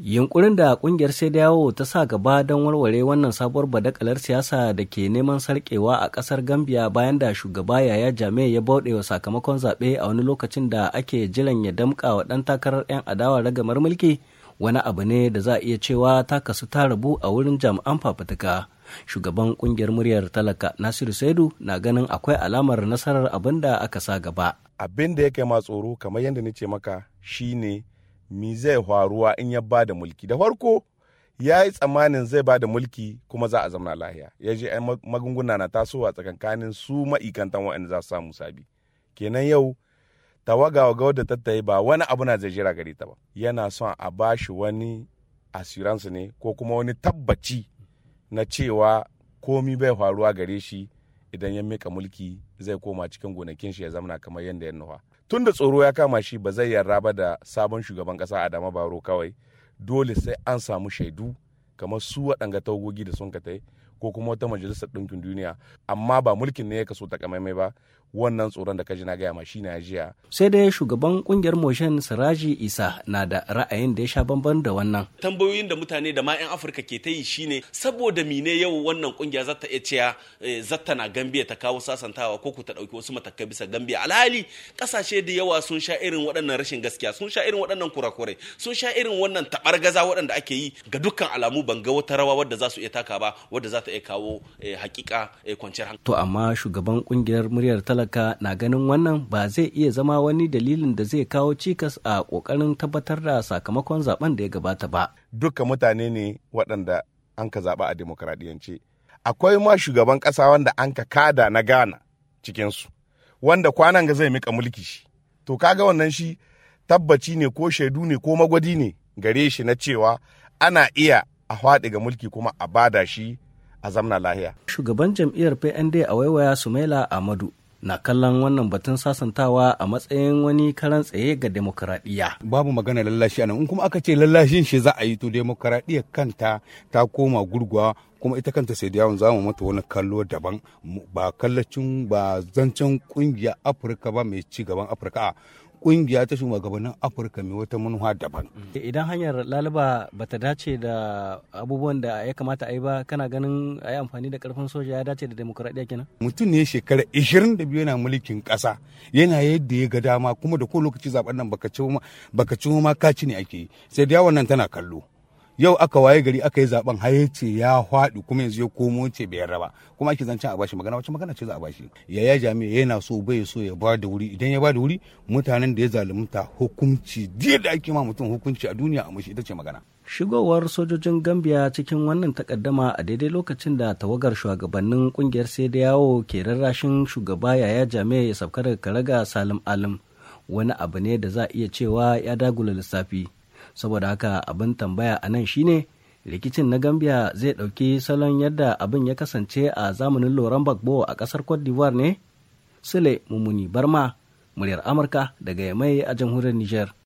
Yunkurin da kungiyar sai yawo ta sa gaba don warware wannan sabuwar badakalar siyasa da ke neman sarkewa a kasar Gambia bayan da shugaba Yaya jami'a ya bauɗe wa sakamakon zaɓe a wani lokacin da ake jiran ya damƙa wa ɗan takarar 'yan adawa ragamar mulki wani abu ne da za a iya cewa ta kasu ta rabu a wurin jami'an fafutuka. Shugaban kungiyar muryar talaka Nasiru Saidu na ganin akwai alamar nasarar abin da aka sa gaba. Abin da ya kai ma tsoro kamar yadda ni ce maka shine mi zai faruwa in ya ba da mulki da farko ya yi tsammanin zai ba da mulki kuma za a zamana lahiya ya je magunguna na tasowa tsakankanin su ma'ikantan waɗanda za su samu sabi kenan yau tawaga ga wadda tattaye ba wani abu na zai jira gare ta ba yana son a ba shi wani assurance ne ko kuma wani tabbaci na cewa komi bai faruwa gare shi idan ya mika mulki zai koma cikin gonakin shi ya zamana kamar yadda ya nufa tun da tsoro ya kama shi ba zai yarda ba da sabon shugaban kasa adama baro kawai dole sai an samu shaidu kamar su waɗanga taugogi da sun ka tai ko kuma wata majalisar ɗinkin duniya amma ba mulkin ne ya kaso ta kamaimai ba wannan tsoron da kaji na gaya ma shine jiya. sai dai shugaban kungiyar motion siraji isa na da ra'ayin da ya sha bamban da wannan tambayoyin da mutane da ma 'yan afirka ke ta yi shine saboda mine yau wannan kungiya zata iya cewa eh, zata na gambiya ta kawo sasantawa ko ku ta dauki wasu matakai bisa gambiya alhali kasashe da yawa sun sha irin waɗannan rashin gaskiya sun sha irin waɗannan kurakurai sun sha irin wannan tabargaza waɗanda ake yi ga dukkan alamu ban ga wata rawa wadda za su iya taka ba wadda za ta iya kawo eh, hakika eh, kwanciyar hankali. To amma shugaban kungiyar muryar talaka na ganin wannan ba zai iya zama wani dalilin da zai kawo cikas a kokarin tabbatar da sakamakon zaben da ya gabata ba. Dukkan mutane ne waɗanda an ka zaɓa a demokradiyance. Akwai ma shugaban ƙasa wanda an ka kada na Ghana cikinsu, wanda kwanan ga zai mika mulki shi. To kaga wannan shi tabbaci ne ko shaidu ne ko magwadi ne gare shi na cewa ana iya a faɗi ga mulki kuma a bada shi a zamna lahiya. Shugaban jam'iyyar PND a waiwaya Sumaila Ahmadu na kallon wannan batun sasantawa a matsayin wani karan tsaye ga demokaradiyya. Babu magana lallashi anan in kuma aka ce lallashin shi za a yi to demokuraɗiyyar kanta ta koma gurguwa kuma ita kanta sai yawon za mu mata wani kallo daban ba kallacin ba zancen kungiya afirka ba mai ci gaban afirka kungiya ta shugabannin afirka mai wata manuwa daban idan hanyar laliba ba ta dace da abubuwan da ya kamata a yi ba kana ganin a yi amfani da karfin soja ya dace da demokuraɗiyya kenan mutum ne shekara 22 yana mulkin ƙasa yana yadda ya ga dama kuma da ko lokaci zaben nan baka ci ma ka ne ake sai da yawon nan tana kallo yau aka waye gari aka yi zaben har ya ce ya faɗi kuma yanzu ya komo ce bai raba kuma ake zancen a bashi magana wacce magana ce za a bashi yaya jami'a yana so bai so ya ba da wuri idan ya ba da wuri mutanen da ya zalunta hukunci jiya da ake ma mutum hukunci a duniya a mashi ita ce magana shigowar sojojin gambia cikin wannan takaddama a daidai lokacin da tawagar shugabannin kungiyar sai da yawo ke rarrashin shugaba yaya jami'a ya sauka daga karaga salim alim wani abu ne da za a iya cewa ya dagula lissafi saboda haka abin tambaya a nan shine rikicin na gambia zai dauki salon yadda abin ya kasance a zamanin loran bagbo a kasar cote d'ivoire ne sule mummuni barma muryar amurka daga yamai a jamhuriyar niger